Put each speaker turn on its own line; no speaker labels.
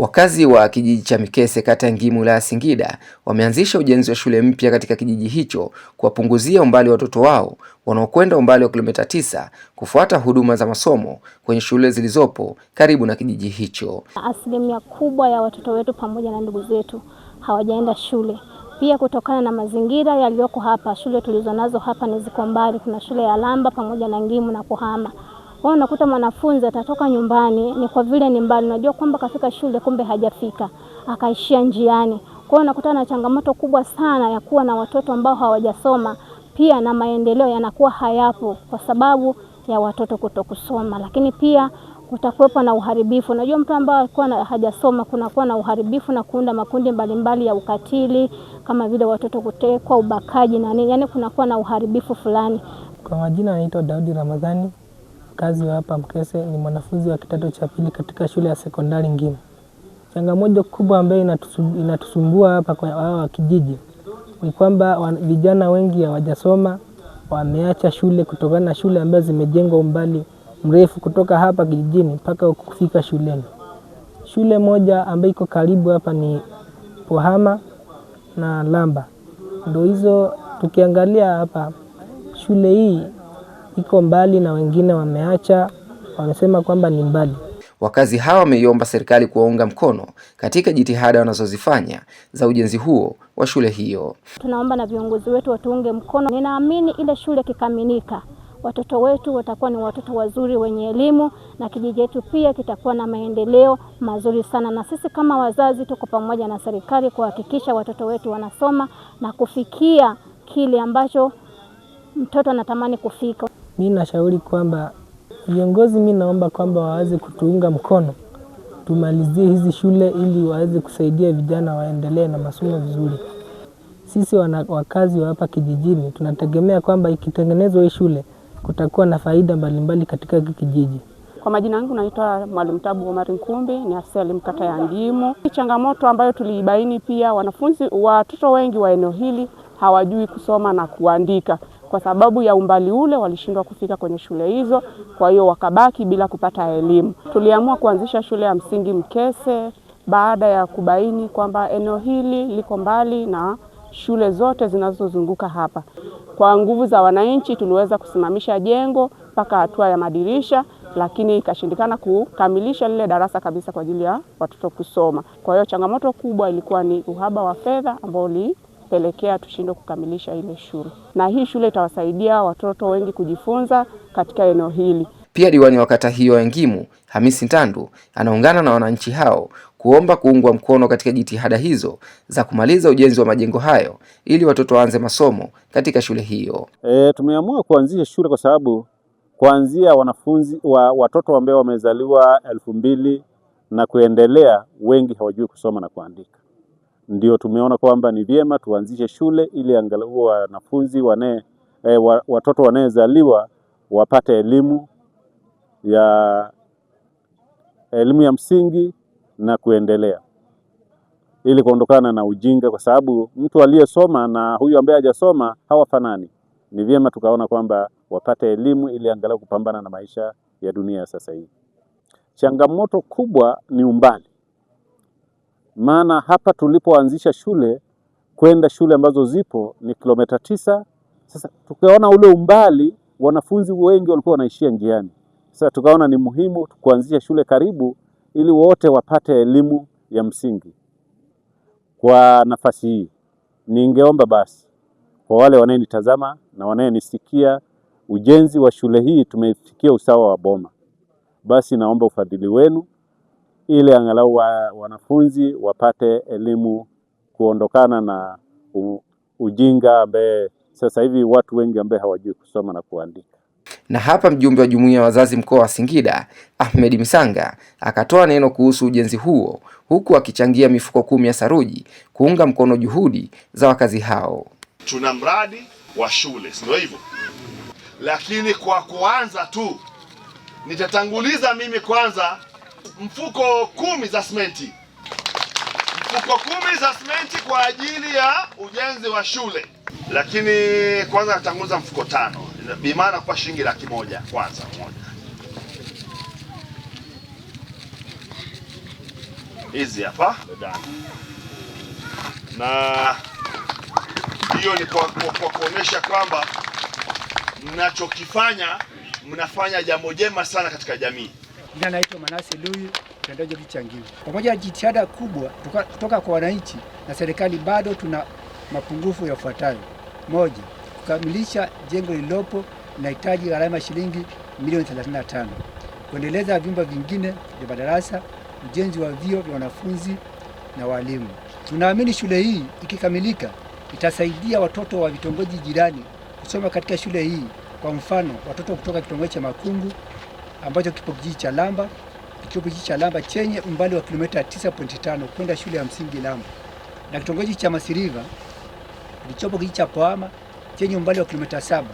Wakazi wa kijiji cha Mikese kata ya Ngimu wilaya Singida wameanzisha ujenzi wa shule mpya katika kijiji hicho kuwapunguzia umbali watoto wao wanaokwenda umbali wa kilomita tisa kufuata huduma za masomo kwenye shule zilizopo karibu na kijiji hicho.
Asilimia kubwa ya watoto wetu pamoja na ndugu zetu hawajaenda shule, pia kutokana na mazingira yaliyoko hapa. Shule tulizonazo hapa ni ziko mbali, kuna shule ya Lamba pamoja na Ngimu na Kuhama. Kwa hiyo unakuta mwanafunzi atatoka nyumbani, ni kwa vile ni mbali, unajua kwamba kafika shule, kumbe hajafika, akaishia njiani. Kwa hiyo unakuta na changamoto kubwa sana ya kuwa na watoto ambao hawajasoma, pia na maendeleo yanakuwa hayapo kwa sababu ya watoto kutokusoma, lakini pia kutakuwepo na uharibifu. Unajua, mtu ambaye alikuwa hajasoma kunakuwa na uharibifu na kuunda makundi mbalimbali ya ukatili kama vile watoto kutekwa, ubakaji na nini, yaani kunakuwa na uharibifu fulani.
Kwa majina anaitwa Daudi Ramadhani, Mkazi wa hapa Mkese ni mwanafunzi wa kidato cha pili katika shule ya sekondari ngine Changamoto kubwa ambayo inatusumbua hapa kwa hawa wa kijiji ni kwamba vijana wengi hawajasoma, wameacha shule kutokana na shule ambazo zimejengwa umbali mrefu kutoka hapa kijijini mpaka kufika shuleni. Shule moja ambayo iko karibu hapa ni Pohama na Lamba. Ndio hizo tukiangalia hapa shule hii iko mbali na wengine wameacha, wamesema kwamba ni mbali.
Wakazi hawa wameiomba serikali kuwaunga mkono katika jitihada wanazozifanya za ujenzi huo wa shule hiyo.
Tunaomba na viongozi wetu watuunge mkono. Ninaamini ile shule ikikamilika, watoto wetu watakuwa ni watoto wazuri wenye elimu na kijiji chetu pia kitakuwa na maendeleo mazuri sana, na sisi kama wazazi tuko pamoja na serikali kuhakikisha watoto wetu wanasoma na kufikia kile ambacho mtoto anatamani kufika
mi nashauri kwamba viongozi, mi naomba kwamba waweze kutuunga mkono tumalizie hizi shule ili waweze kusaidia vijana waendelee na masomo vizuri. Sisi wana, wakazi wa hapa kijijini tunategemea kwamba ikitengenezwa hii shule kutakuwa na faida mbalimbali katika hiki kijiji.
Kwa majina yangu naitwa Mwalimu Tabu Omari Nkumbi, ni afisa elimu kata ya Ndimu. Changamoto ambayo tuliibaini pia, wanafunzi watoto wengi wa eneo hili hawajui kusoma na kuandika kwa sababu ya umbali ule walishindwa kufika kwenye shule hizo, kwa hiyo wakabaki bila kupata elimu. Tuliamua kuanzisha shule ya msingi Mkese baada ya kubaini kwamba eneo hili liko mbali na shule zote zinazozunguka hapa. Kwa nguvu za wananchi tuliweza kusimamisha jengo mpaka hatua ya madirisha, lakini ikashindikana kukamilisha lile darasa kabisa kwa ajili ya watoto kusoma. Kwa hiyo changamoto kubwa ilikuwa ni uhaba wa fedha ambao li kupelekea tushindwe kukamilisha ile shule, na hii shule itawasaidia watoto wengi kujifunza katika eneo hili.
Pia diwani wa kata hiyo ya Ngimu, Hamisi Ntandu, anaungana na wananchi hao kuomba kuungwa mkono katika jitihada hizo za kumaliza ujenzi wa majengo hayo ili watoto waanze masomo katika shule hiyo.
E, tumeamua kuanzisha shule kwa sababu kuanzia wanafunzi wa watoto ambao wamezaliwa elfu mbili na kuendelea, wengi hawajui kusoma na kuandika ndio tumeona kwamba ni vyema tuanzishe shule ili angalau wanafunzi wane, e, watoto wanayezaliwa wapate elimu ya elimu ya msingi na kuendelea ili kuondokana na ujinga, kwa sababu mtu aliyesoma na huyu ambaye hajasoma hawafanani. Ni vyema tukaona kwamba wapate elimu ili angalau kupambana na maisha ya dunia ya sasa hivi. Changamoto kubwa ni umbali maana hapa tulipoanzisha shule kwenda shule ambazo zipo ni kilomita tisa. Sasa tukaona ule umbali, wanafunzi wengi walikuwa wanaishia njiani. Sasa tukaona ni muhimu kuanzisha shule karibu, ili wote wapate elimu ya msingi. Kwa nafasi hii, ningeomba basi kwa wale wanayenitazama na wanayenisikia, ujenzi wa shule hii tumefikia usawa wa boma, basi naomba ufadhili wenu ili angalau wa, wanafunzi wapate elimu kuondokana na u, ujinga ambaye sasa hivi watu wengi ambaye hawajui kusoma na kuandika.
Na hapa mjumbe wa jumuiya ya wazazi mkoa wa Singida Ahmed Msanga akatoa neno kuhusu ujenzi huo huku akichangia mifuko kumi ya saruji kuunga mkono juhudi za wakazi hao.
Tuna mradi wa shule, sio hivyo? Lakini kwa kuanza tu nitatanguliza mimi kwanza mfuko kumi za simenti, mfuko kumi za simenti kwa ajili ya ujenzi wa shule, lakini kwanza natanguliza mfuko tano, bi maana kwa shilingi laki moja kwanza moja. hizi hapa na hiyo ni kwa, kwa, kwa kuonyesha kwamba mnachokifanya mnafanya jambo jema sana katika jamii.
Jina naitwa Manase Luyu, mtendaji viti cha Pamoja na jitihada kubwa kutoka kwa wananchi na serikali, bado tuna mapungufu yafuatayo: moja, kukamilisha jengo lililopo linahitaji gharama shilingi milioni 35, kuendeleza vyumba vingine vya madarasa, ujenzi wa vyoo vya wanafunzi na walimu. Tunaamini shule hii ikikamilika itasaidia watoto wa vitongoji jirani kusoma katika shule hii. Kwa mfano, watoto kutoka kitongoji cha Makungu ambacho kipo kijiji cha Lamba, kipo kijiji cha Lamba chenye umbali wa kilomita 9.5 kwenda shule ya msingi Lamba, na kitongoji cha Masiriva kilichopo kijiji cha Poama chenye umbali wa kilomita saba.